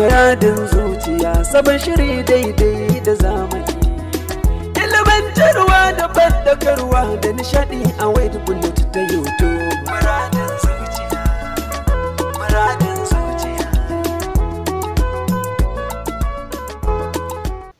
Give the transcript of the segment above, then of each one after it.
Muradin zuciya sabon shiri daidai da zamani. Ilimantarwa da bandakarwa da nishadi a wayar bullet ta YouTube. Muradin zuciya, muradin zuciya.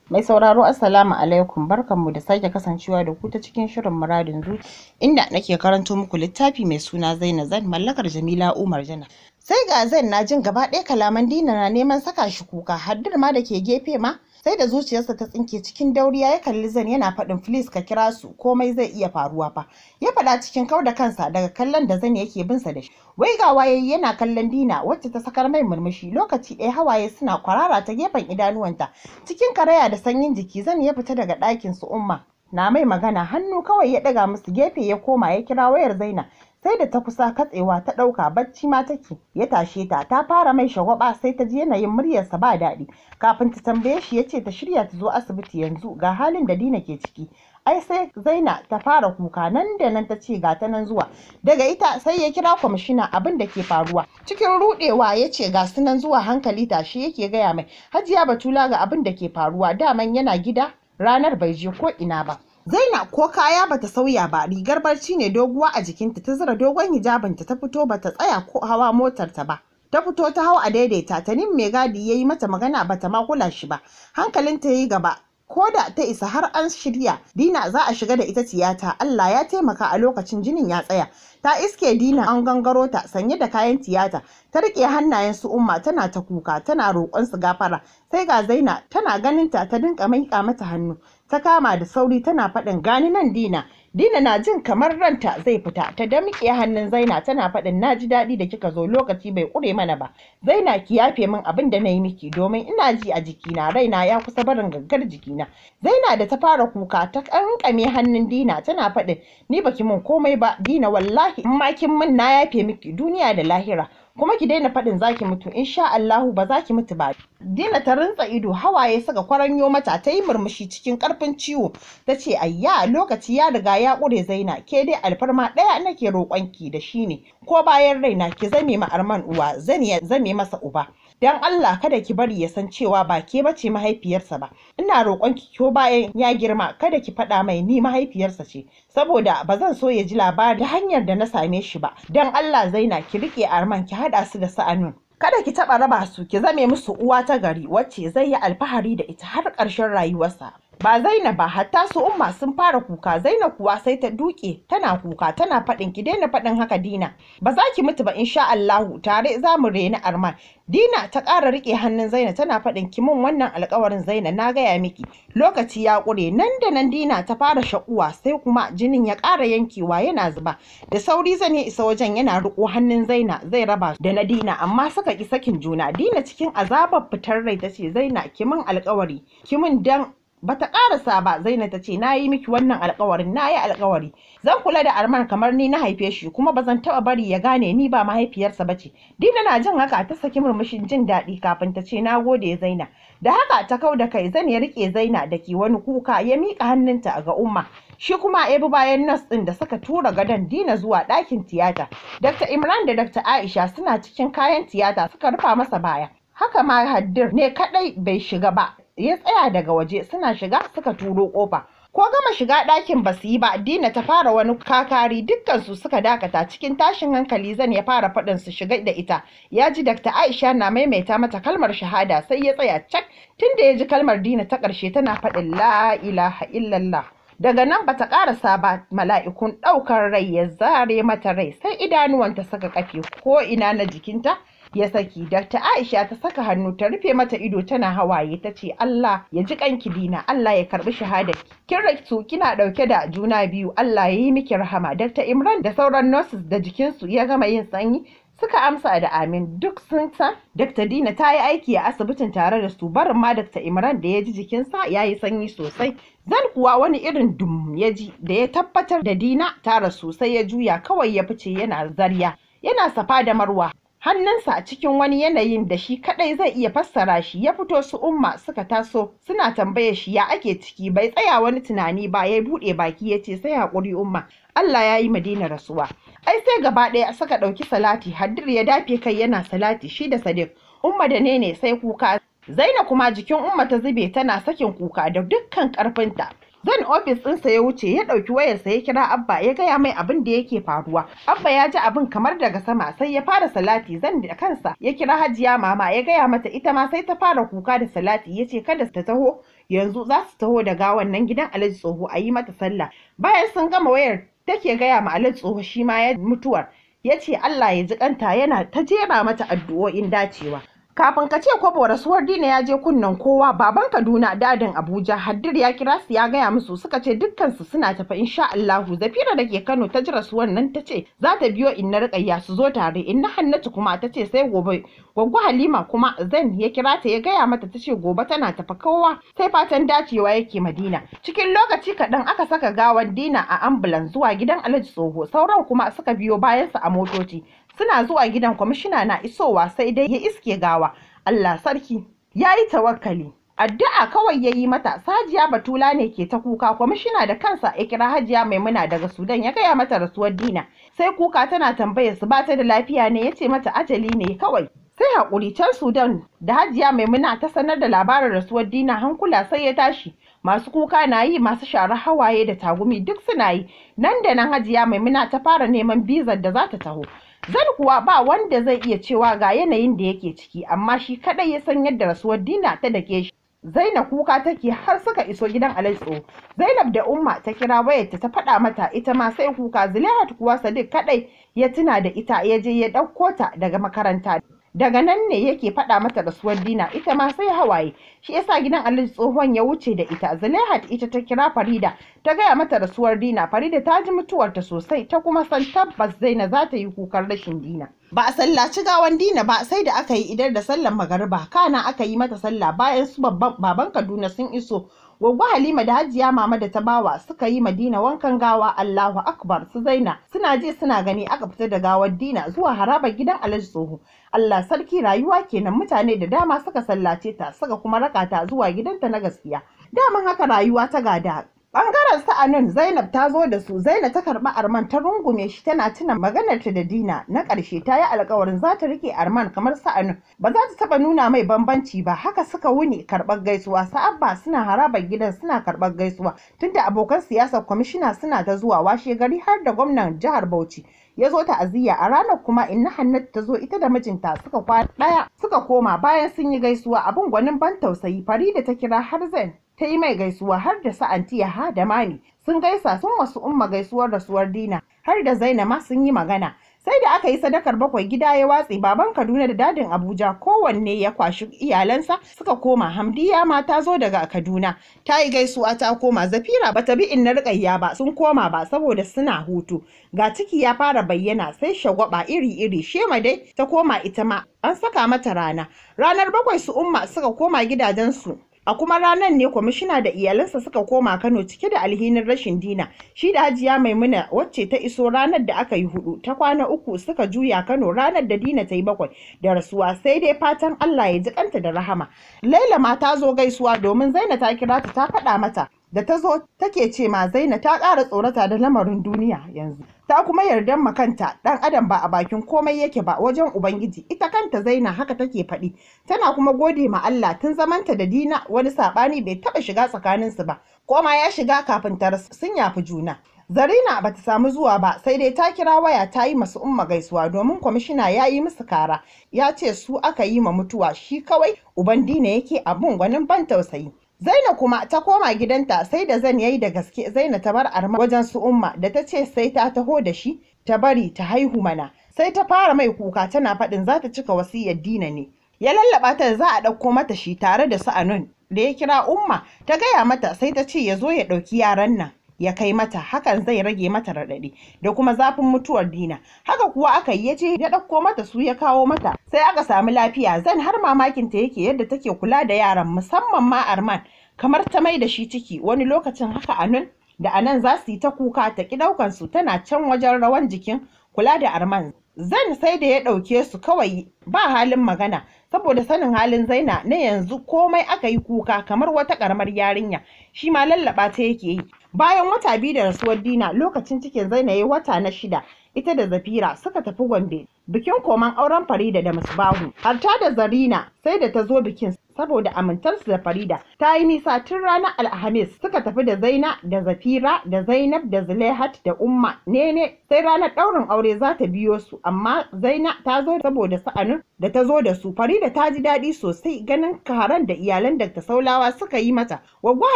Mai sauraro Assalamu alaikum barkanmu da sake kasancewa da ku ta cikin shirin muradin zuciya inda nake karanto muku littafi mai suna Zainab Zan mallakar Jamila Umar Jana. sai ga zan na jin gaba ɗaya kalaman dina na neman saka shi kuka haddir ma da ke gefe ma sai da zuciyarsa ta tsinke cikin dauriya ya kalli zan yana faɗin filis ka kira su komai zai iya faruwa fa ya faɗa cikin kau da kansa daga kallon da zan yake binsa da shi wai ga waye yana kallon dina wacce ta sakar mai murmushi lokaci ɗaya hawaye suna kwarara ta gefen idanuwanta cikin karaya da sanyin jiki zan ya fita daga ɗakin su umma na mai magana hannu kawai ya ɗaga musu gefe ya koma ya kira wayar zaina sai da ta kusa katsewa ta ɗauka bacci ma take ya tashe ta ta fara mai shagwaba sai ta ji yanayin muryarsa ba daɗi kafin ta tambaye shi ya ce ta shirya ta zo asibiti yanzu ga halin da dina ke ciki ai sai zaina ta fara kuka nan da nan ta ce ga ta nan zuwa daga ita sai ya kira kwamishina abin da ke faruwa cikin rudewa ya ce ga su nan zuwa hankali tashi yake gaya mai hajiya batula ga abin da ke faruwa daman yana gida ranar bai je ko ina ba Zaina ko kaya bata sauya ba rigar barci ne doguwa a jikinta ta zura dogon hijabinta ta fito bata tsaya ko hawa motar ta ba. ta fito ta hau a daidaita ta nin mai gadi ya yi mata magana bata ma kula shi ba hankalinta yayi yi gaba ko da ta isa har an shirya dina za a shiga da ita tiyata allah ya taimaka a lokacin jinin ya tsaya ta iske dina an gangaro ta sanye da kayan tiyata ta riƙe hannayen su umma tana ta kuka tana roƙon su gafara sai ga zaina tana ganin ta ta dinka maika mata hannu ta kama da sauri tana faɗin gani nan dina dina na jin kamar ranta zai fita ta damƙe hannun zaina tana faɗin na ji daɗi da kika zo lokaci bai ƙure mana ba zaina ki yafe min abin da na yi miki domin ina ji a jikina raina ya kusa barin gangar jikina zaina da ta fara kuka ta kankame hannun dina tana faɗin ni baki min komai ba dina wallahi in ma kin min na yafe miki duniya da lahira kuma ki daina faɗin zaki mutu in sha Allahu ba za ki mutu ba Dina ta rintsa ido hawaye saka kwaranyo mata ta yi murmushi cikin ƙarfin ciwo ta ce ayya lokaci ya riga ya ƙure zaina ke dai alfarma ɗaya nake roƙonki da shi ne ko bayan raina ki zame ma arman uwa zan zame masa uba don Allah kada ki bari ya san cewa ba ke bace mahaifiyarsa ba ina roƙon ki ko bayan ya girma kada ki faɗa mai ni mahaifiyarsa ce saboda ba zan so ya ji labari da hanyar da na same shi ba don Allah zaina ki riƙe arman ki haɗa su da sa'anun kada ki taɓa raba su ki zame musu uwa ta gari wacce zai yi alfahari da ita har ƙarshen rayuwarsa ba Zaina ba hatta su umma sun fara kuka Zaina kuwa sai ta duke tana kuka tana faɗin ki daina faɗin haka dina ba za ki mutu ba insha Allahu tare za mu reni arman dina ta ƙara riƙe hannun Zaina tana faɗin ki min wannan alƙawarin Zaina. na gaya miki lokaci ya ƙure nan da nan dina ta fara shakuwa sai kuma jinin ya ƙara yankewa yana zuba da sauri zan isa wajen yana riƙo hannun zaina zai raba da na dina amma suka ki sakin juna dina cikin azabar fitar rai ta ce zaina ki min alƙawari ki min dan bata karasa ba zainab ta ce yi miki wannan alkawarin nayi alkawari zan kula da arman kamar ni na haife shi kuma bazan taba bari ya gane ni ba mahaifiyarsa bace dina na jin haka ta saki murmushin jin daɗi kafin ta ce nagode zaina da haka ta kau da kai zan ya rike zaina da ki wani kuka ya mika hannunta ga umma shi kuma ebu bi bayan nas ɗin da suka tura gadon dina zuwa ɗakin tiyata dr imran da dr aisha suna cikin kayan tiyata suka rufa masa baya haka ma haddir ne kadai bai shiga ba ya tsaya daga waje suna shiga suka turo kofa ko gama shiga ɗakin ba su yi ba dina ta fara wani kakari dukkansu suka dakata cikin tashin hankali zan ya fara faɗin su shiga da ita ya ji Dr. aisha na maimaita mata kalmar shahada sai ya tsaya cak tunda ya ji kalmar dina ta ƙarshe tana faɗin la ilaha illallah daga nan bata karasa ba mala'ikun ɗaukar rai ya zare mata rai sai idanuwanta saka kafe ko ina na jikinta ya saki Dr. Aisha ta saka hannu ta rufe mata ido tana hawaye ta ce Allah ya ji kanki dina Allah ya karbi shahada kin rakitu kina dauke da juna biyu Allah ya yi miki rahama Dr. Imran da sauran nurses da jikinsu ya gama yin sanyi suka amsa da amin duk sun san Dr. Dina ta yi aiki a asibitin tare da su barin ma Dr. Imran da ya ji jikinsa ya yi sanyi sosai Zan kuwa wani irin dum ya ji da ya tabbatar da Dina ta rasu sai ya juya kawai ya fice yana zarya, yana safa da marwa. Hannunsa a cikin wani yanayin da shi kadai zai iya fassara shi ya fito su umma suka taso suna tambaye shi ya ake ciki bai tsaya wani tunani ba ya buɗe baki ya ce sai haƙuri umma Allah ya yi madina rasuwa. Ai sai gaba ɗaya suka ɗauki salati haddir ya dafe kai yana salati shi da sadiq umma da nene sai kuka Zainab kuma jikin Umma ta zube tana sakin kuka da dukkan ƙarfinta. Zan ofis ɗinsa ya wuce ya ɗauki wayarsa ya kira Abba ya gaya mai abin da yake faruwa. Abba ya ji abin kamar daga sama sai ya fara salati zan da kansa ya kira Hajiya mama ya gaya mata ita ma sai ta fara kuka da salati ya ce kada ta taho yanzu za su taho daga wannan gidan Alhaji Tsoho a yi mata sallah. Bayan sun gama wayar take gaya ma Alhaji Tsoho shi ma ya mutuwar. ya ce Allah ya ji kanta yana ta jera mata addu'o'in dacewa kafin ka ce kwabo rasuwar dina ya je kunnen kowa baban kaduna dadin abuja haddir ya kira su ya gaya musu suka ce dukkansu suna tafi insha allahu zafira da ke kano ta ji rasuwar nan ta ce za ta biyo inna rikayya su zo tare inna hannatu kuma ta ce sai gobe gwaggo halima kuma zan ya kira ta ya gaya mata ta ce gobe tana tafi kowa sai fatan dacewa yake madina cikin lokaci kaɗan aka saka gawar dina a ambulan zuwa gidan alhaji tsoho sauran kuma suka biyo bayansa a motoci suna zuwa gidan kwamishina na isowa sai dai ya iske gawa Allah sarki ya yi tawakkali addu'a kawai ya yi mata sajiya batula ne ke ta kuka kwamishina da kansa ya kira hajiya maimuna daga sudan ya gaya mata rasuwar dina sai kuka tana tambayar su bata da lafiya ne ya ce mata ajali ne kawai sai haƙuri can sudan da hajiya maimuna ta sanar da labarin rasuwar dina hankula sai ya tashi masu kuka na yi masu shara hawaye da tagumi duk suna yi nan da nan hajiya maimuna ta fara neman bizar da za ta taho Zan kuwa ba wanda zai iya cewa ga yanayin da yake ciki amma shi kaɗai ya san yadda rasuwar Dina ta dake shi. Zainab kuka take har suka iso gidan Alaitso. Zainab da Umma ta kira wayarta ta faɗa mata ita ma sai kuka zulaihat kuwa Sadiq kaɗai ya tuna da ita ya je ya ɗauko ta daga makaranta. daga nan ne yake faɗa mata rasuwar dina ita ma sai hawaye shi yasa gidan alhaji tsohon ya wuce da ita zulaihat ita ta kira farida ta gaya mata rasuwar dina farida ta ji mutuwarta sosai ta kuma san tabbas zaina za ta yi kukan rashin dina ba a sallaci gawan dina ba sai da aka yi idar da sallar magariba kana aka yi mata sallah bayan su babban baban kaduna sun iso Gwaggo Halima da Hajiya Mama da ta bawa suka yi Madina wankan gawa Allahu Akbar su zaina suna je suna gani aka fita da gawar Dina zuwa harabar gidan Alhaji Tsoho. Allah sarki rayuwa kenan mutane da dama suka sallace ta suka kuma raka ta zuwa gidanta na gaskiya. Daman haka rayuwa ta gada Bangaren su Zainab ta zo da su Zainab ta karɓi Arman ta rungume shi tana tuna maganar ta da Dina na ƙarshe ta yi alƙawarin za ta rike Arman kamar sa'anun Anun ba za ta taɓa nuna mai bambanci ba haka suka wuni karɓar gaisuwa Sa'abba Abba suna harabar gidan suna karɓar gaisuwa tunda abokan siyasar kwamishina suna ta zuwa washe gari har da gwamnan jihar Bauchi ya zo ta'aziyya a ranar kuma inna Hannatu ta zo ita da mijinta suka kwana ɗaya suka koma bayan sun yi gaisuwa abin gwanin ban tausayi Farida ta kira har ta yi mai gaisuwa har da sa'anti ya ha da mami sun gaisa sun wasu umma gaisuwar rasuwar dina har da zainama sun yi magana sai da aka yi sadakar bakwai gida ya watse baban kaduna da dadin abuja kowanne ya kwashi iyalansa suka koma hamdiya ma ta zo daga kaduna ta yi gaisuwa ta koma zafira ba ta bi in na rikayya ba sun koma ba saboda suna hutu ga ciki ya fara bayyana sai shagwaba iri iri shema dai ta koma ita ma an saka mata rana ranar bakwai su umma suka koma gidajensu A kuma ranar ne kwamishina da iyalansa suka koma Kano cike da alhinin rashin Dina. Shi da Hajiya Maimuna wacce ta iso ranar da aka yi hudu ta kwana uku suka juya Kano ranar da Dina ta yi bakwai da rasuwa sai dai fatan Allah ya ji kanta da rahama. Laila ma ta zo gaisuwa domin Zaina ta kira ta ta faɗa mata da ta zo take ce ma zaina ta ƙara tsorata da lamarin duniya yanzu ta kuma yarda ma kanta ɗan adam ba a bakin komai yake ba wajen ubangiji ita kanta zaina haka take faɗi tana kuma gode ma Allah tun zamanta da dina wani saɓani bai taɓa shiga tsakaninsu ba ko ma ya shiga kafin ta sun yafi juna Zarina ba ta samu zuwa ba sai dai ta kira waya ta yi masu umma gaisuwa domin kwamishina ya yi musu kara ya ce su aka yi ma mutuwa shi kawai uban dina yake abun gwanin ban tausayi Zaina kuma ta koma gidanta sai da zan yayi da gaske Zaina ta bar arma wajen su umma da ta ce sai ta taho da shi ta bari ta haihu mana sai ta fara mai kuka tana faɗin za ta cika wasiyyar dina ne ya lallaba ta za a ɗauko mata shi tare da su anun da ya kira umma ta gaya mata sai ta ce ya zo ya ɗauki yaran nan ya kai mata hakan zai rage mata raɗaɗi da kuma zafin mutuwar dina haka kuwa aka yi ya ce ya ɗauko mata su ya kawo mata sai aka samu lafiya zan har mamakin ta yake yadda take kula da yaran musamman ma arman kamar ta mai da shi ciki wani lokacin haka anun da anan za su yi ta kuka ta ki ɗaukan su tana can wajen rawan jikin kula da arman zan sai da ya ɗauke su kawai ba halin magana saboda sanin halin zaina na yanzu komai aka yi kuka kamar wata karamar yarinya shi ma lallaɓa ta yake yi Bayan wata biyu da rasuwar Dina lokacin cikin Zainab ya wata na shida ita da Zafira suka tafi Gombe bikin koman auren Farida da Musbahu. Harta da Zarina sai da ta zo bikin saboda amintarsu da Farida ta yi nisa tun ranar Alhamis suka tafi da Zaina da Zafira da Zainab da Zulaihat da Umma Nene sai ranar ɗaurin aure za ta biyo su amma Zaina ta zo saboda sa'anin da ta zo da su Farida ta ji daɗi sosai ganin karan da iyalan da ta Saulawa suka yi mata Wagwa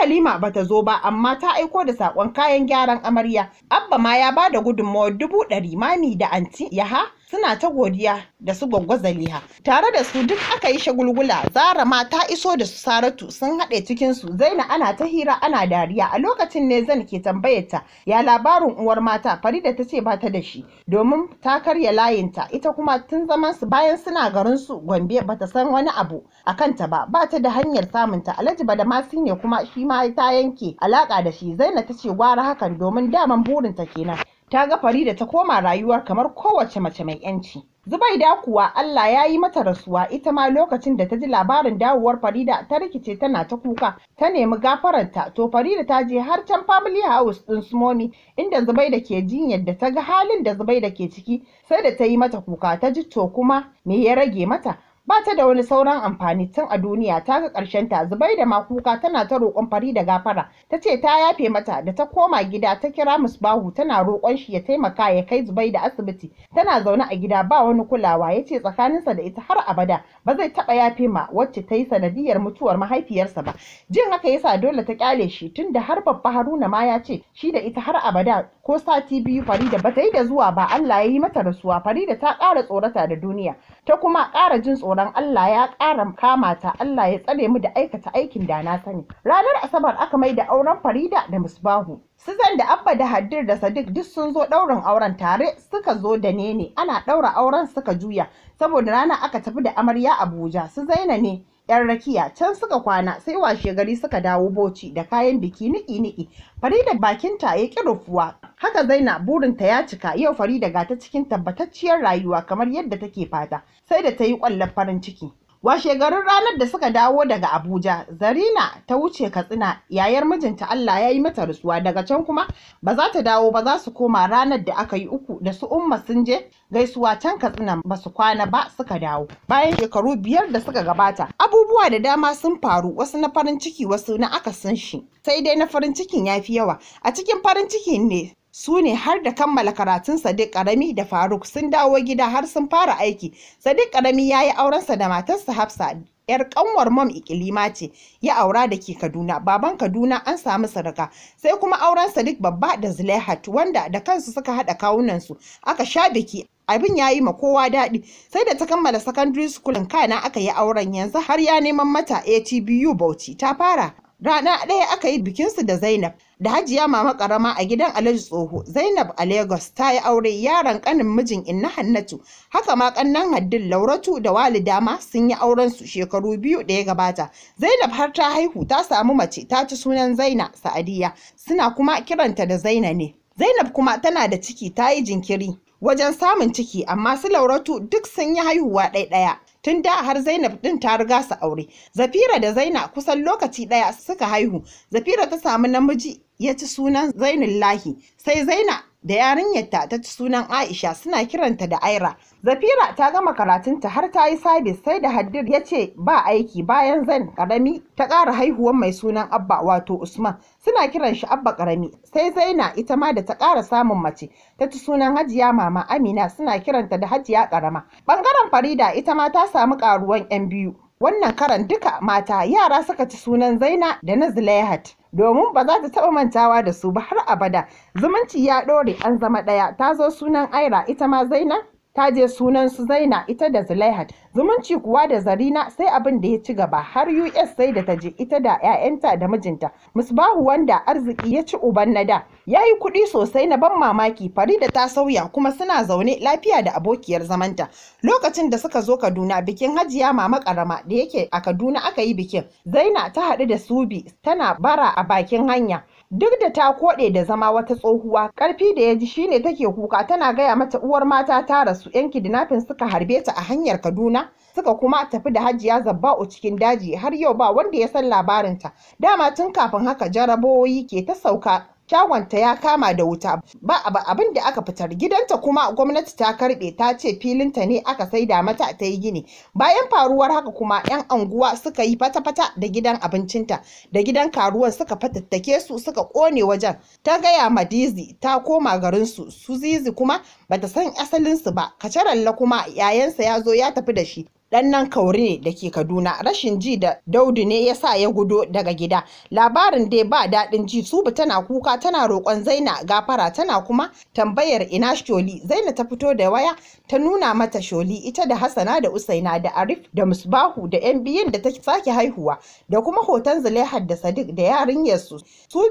Halima ba ta zo ba amma ta aiko da saƙon kayan gyaran amarya Abba ma ya ba da gudunmawar dubu ɗari mami da anti Yaha suna ta godiya da su gwangwa zaliha tare da su duk aka yi shagulgula zara ma ta iso da su saratu sun haɗe cikin su zaina ana ta hira ana dariya a lokacin ne zan ke tambayar ta ya labarin uwar mata farida ta ce bata da shi domin ta karya layinta ita kuma tun zaman su bayan suna garin su gombe bata san wani abu a kanta ba bata da hanyar samunta alhaji masu ne kuma shi ma ta yanke alaka da shi zaina ta ce gwara hakan domin daman burinta kenan ta ga Farida ta koma rayuwar kamar kowace mace mai ‘yanci. Zubaida kuwa Allah ya yi mata rasuwa ita ma lokacin da ta ji labarin dawowar Farida ta rikice tana ta kuka ta nemi gafararta to Farida ta je har can family house din Sumomi inda Zubaida ke jinyar da ta ga halin da Zubaida ke ciki sai da ta yi mata kuka ta ji to kuma me ya rage mata ba ta da wani sauran amfani tun a duniya ta ga ƙarshen ta zubai da makuka tana ta roƙon fari da gafara ta ce ta yafe mata da ta koma gida ta kira musbahu tana roƙon shi ya taimaka ya kai zubai da asibiti tana zaune a gida ba wani kulawa ya ce tsakaninsa da ita har abada ba zai taɓa yafe ma wacce ta yi sanadiyar mutuwar mahaifiyarsa ba jin haka yasa dole ta kyale shi tunda har babba haruna ma ya ce shi da ita har abada ko sati biyu Farida bata yi da zuwa ba Allah ya yi mata rasuwa Farida ta ƙara tsorata da duniya ta kuma ƙara jin tsoron Allah ya ƙara kama ta Allah ya tsare mu da aikata aikin da na sani ranar asabar aka mai da auren Farida da Musbahu Suzan da Abba da Haddir da Sadiq duk sun zo ɗaurin auren tare suka zo da Nene ana ɗaura auren suka juya saboda rana aka tafi da amarya Abuja su Zaina ne 'yan rakiya can suka kwana sai washe gari suka dawo boci da kayan biki niki-niki farida ta ya ƙi rufuwa haka zaina burinta ya cika yau farida ga ta cikin tabbatacciyar rayuwa kamar yadda take fata sai da ta yi ƙwallon farin ciki washe garin ranar da suka dawo daga abuja zarina ta wuce katsina yayar mijinta allah ya yi mata rusuwa. daga can kuma ba za ta dawo ba za su koma ranar da aka yi uku da su umma sun je gaisuwa can katsina ba su kwana ba suka dawo bayan shekaru biyar da suka gabata abubuwa da dama sun faru wasu na farin ciki wasu na akasin shi sai dai na farin cikin ya fi yawa a cikin farin cikin ne su ne har da kammala karatun Sadiq Karami da Faruk sun dawo gida har sun fara aiki. Sadiq Karami ya yi aurensa da matarsa Hafsa ‘yar kanwar mam ikilima ce ya aura da ke Kaduna, baban Kaduna an samu sadaka, sai kuma auren Sadiq babba da Zulaihat wanda da kansu suka haɗa kawunansu aka sha biki abin ya yi ma kowa daɗi sai da ta kammala secondary school kana aka yi auren yanzu har ya neman mata ATBU Bauchi ta fara Rana ɗaya aka yi bikinsu da Zainab da Hajiya Mama Karama a gidan Alhaji Tsoho. Zainab a Lagos ta yi aure yaran ƙanin mijin Inna Hannatu. Haka ma ƙannan Haddin Lauratu da Walida ma sun yi auren su shekaru biyu da ya gabata. Zainab har ta haihu ta samu mace ta ci sunan Zaina Sa'adiya. Suna kuma kiranta da Zaina ne. Zainab kuma tana da ciki ta yi jinkiri wajen samun ciki amma su Lauratu duk sun yi haihuwa ɗaya-ɗaya. tun da har Zainab din ta riga su aure. Zafira da Zaina kusan lokaci ɗaya suka haihu. Zafira ta samu namiji ya ci sunan Zainullahi sai Zaina da yarinyarta ta ci sunan Aisha suna kiranta da Aira. Zafira ta gama karatunta har ta yi sabis sai da Haddir ya ce ba aiki bayan zan karami ta ƙara haihuwan mai sunan Abba wato Usman suna kiran shi Abba karami sai Zaina ita ma da ta ƙara samun mace ta ci sunan Hajiya Mama Amina suna kiranta da Hajiya Karama. Bangaren Farida ita ma ta samu ƙaruwan 'yan biyu. Wannan karan duka mata yara suka ci sunan Zaina da na Zulaihat. domin ba za ta taɓa mantawa da su ba har abada zumunci ya ɗore an zama ɗaya ta zo sunan aira ita ma zainab ta je sunan su zaina ita da zulaihat zumunci kuwa da zarina sai abin da ya ci gaba har us sai da ta je ita da 'ya'yanta da mijinta musbahu wanda arziki ya ci uban na da ya yi kuɗi sosai na ban mamaki fari da ta sauya kuma suna zaune lafiya da abokiyar zamanta lokacin da suka zo kaduna bikin hajiya mama karama da yake a kaduna aka yi bikin zaina ta haɗu da subi tana bara a bakin hanya duk da ta koɗe da zama wata tsohuwa ƙarfi da ya ji shine take kuka tana gaya mata uwar mata ta rasu yan kidnapping suka harbe ta a hanyar kaduna suka kuma tafi da hajiya zabba'u cikin daji har yau ba wanda ya san labarinta dama tun kafin haka jaraboyi ke ta sauka ta ya kama da wuta ba abin da aka fitar gidanta kuma gwamnati ta karbe ta ce filinta ne aka saida mata ta yi gini bayan faruwar haka kuma 'yan anguwa suka yi fata-fata da gidan abincinta da gidan karuwar suka fatattake su suka kone wajen ta gaya ma dizi ta koma garinsu su zizi kuma bata san asalinsu ba kacaralla kuma yayansa ya zo ya tafi da shi ɗan nan kauri ne da ke Kaduna rashin ji da Daudu ne ya sa ya gudo daga gida labarin dai ba daɗin ji Subu tana kuka tana roƙon Zaina gafara tana kuma tambayar ina Sholi Zaina ta fito da waya ta nuna mata Sholi ita da Hassana da Usaina da Arif da Musbahu da yan biyun da ta sake haihuwa da kuma hoton Zulaihar da Sadiq da yarinyar su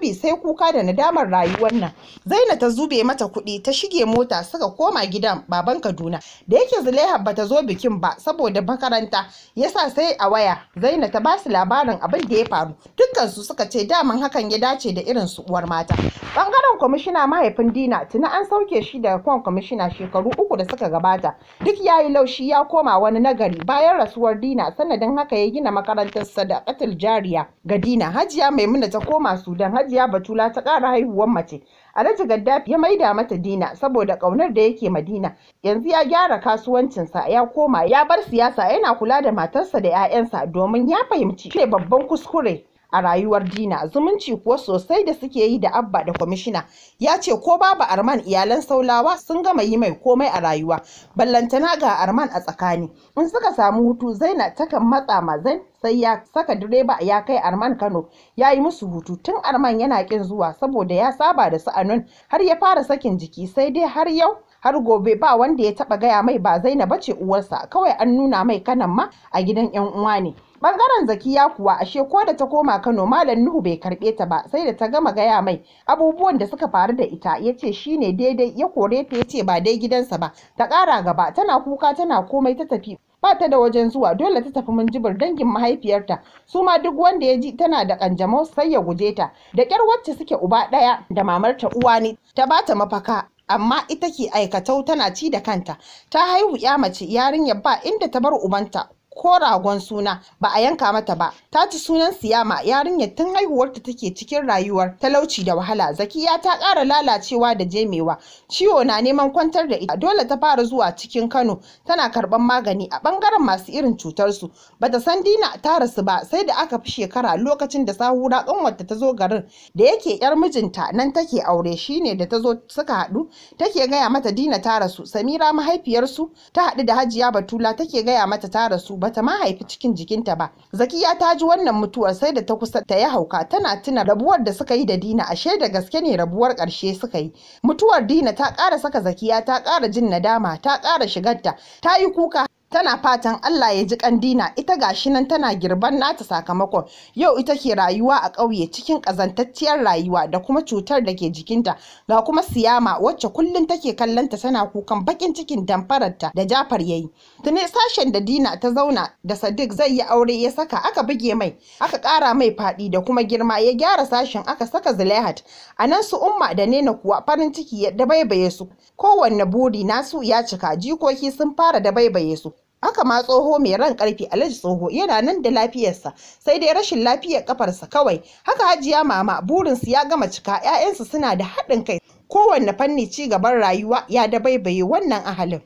bi sai kuka da nadamar rayuwar nan Zaina ta zube mata kuɗi ta shige mota suka koma gidan baban Kaduna da yake Zulaihar bata zo bikin ba saboda makaranta yasa sai a waya zaina ta ba su labarin abin da ya faru dukkansu suka ce daman hakan ya dace da irin su uwar mata bangaren kwamishina mahaifin dina tuni an sauke shi daga kwan kwamishina shekaru uku da suka gabata duk yayi laushi ya koma wani nagari bayan rasuwar dina sanadin haka ya gina makarantar sa da katil jariya ga dina hajiya maimuna ta koma sudan hajiya batula ta kara haihuwar mace Alhaji Gaddafi ya maida mata Dina saboda ƙaunar da yake Madina. Yanzu ya gyara kasuwancinsa ya koma ya bar siyasa yana kula da matarsa da 'ya'yansa domin ya fahimci shi babban kuskure. a rayuwar Dina zumunci kuwa sosai da suke yi da Abba da kwamishina ya ce ko babu Arman iyalan Saulawa sun gama yi mai komai a rayuwa ballantana ga Arman a tsakani in suka samu hutu Zainab takan matsa mazan sai ya saka direba ya kai Arman Kano ya yi musu hutu tun Arman yana kin zuwa saboda ya saba da su a nun har ya fara sakin jiki sai dai har yau har gobe ba wanda ya taba gaya mai ba zaina bace uwarsa kawai an nuna mai kanan ma a gidan yan uwa ne bangaren zakiya kuwa ashe ko da ta koma kano malam nuhu bai karɓe ta ba sai da ta gama gaya mai abubuwan da suka faru da ita ya ce shine daidai ya kore ta ya ce ba dai gidansa ba ta kara gaba tana kuka tana komai ta tafi ba ta da wajen zuwa dole ta tafi minjibir dangin mahaifiyarta su ma duk wanda ya ji tana da kanjamau sai ya guje ta da kyar wacce suke uba ɗaya da mamarta uwa ne ta bata mafaka amma ita ke aikatau tana ci da kanta ta haihu ya mace yarinyar ba inda ta bar ubanta ko ragon suna ba a yanka mata ba ta ci sunan siyama yarinyar tun haihuwarta take cikin rayuwar talauci da wahala zakiya ta ƙara lalacewa da jemewa ciwo na neman kwantar da ita dole ta fara zuwa cikin kano tana karɓar magani a ɓangaren masu irin cutar su bata san dina ta rasu ba sai da aka fi shekara lokacin da sahura ƙanwarta ta zo garin da yake yar mijinta nan take aure shine da ta zo suka haɗu take gaya mata dina ta rasu samira mahaifiyarsu ta haɗu da hajiya batula take gaya mata ta rasu bata ma haifi cikin jikinta ba zakiya ta ji wannan mutuwar sai da ta kusa ta yi hauka tana tuna rabuwar da suka yi da dina ashe da gaske ne rabuwar ƙarshe suka yi mutuwar dina ta ƙara saka zakiya ta ƙara jin nadama ta ƙara shigarta ta yi kuka tana fatan Allah ya ji dina. ita gashi nan tana girban nata sakamakon yau ita ke rayuwa a ƙauye cikin ƙazantacciyar rayuwa da kuma cutar da ke jikinta ga kuma siyama wacce kullum take kallonta tana kukan bakin cikin damfararta da Jafar yayi tuni sashen da dina ta zauna da sadiq zai yi aure ya saka aka buge mai aka ƙara mai faɗi da kuma girma ya gyara sashen aka saka zulaihat a nan su umma da nena kuwa farin ciki ya dabaibaye su kowanne buri nasu ya cika jikoki sun fara dabaibaye su aka ma tsoho mai ran karfi alhaji tsoho yana nan da lafiyarsa sai dai rashin lafiyar kafarsa kawai haka hajiya mama burinsu ya gama cika 'ya'yansu suna da haɗin kai kowanne fanni ci gaban rayuwa ya dabaibaye wannan ahalin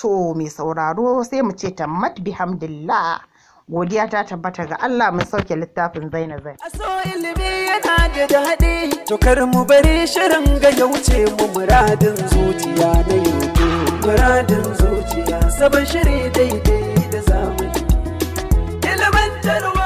To mai sauraro sai mu ce tammat bihamdillah godiya ta tabbata ga Allah mun sauke littafin zaina zai. A so ilimi yana da daɗi, to kar mu bari shirin ga ya wuce mu muradin zuciya na yau. Muradin zuciya sabon shiri daidai da zamani. Ilimantarwa.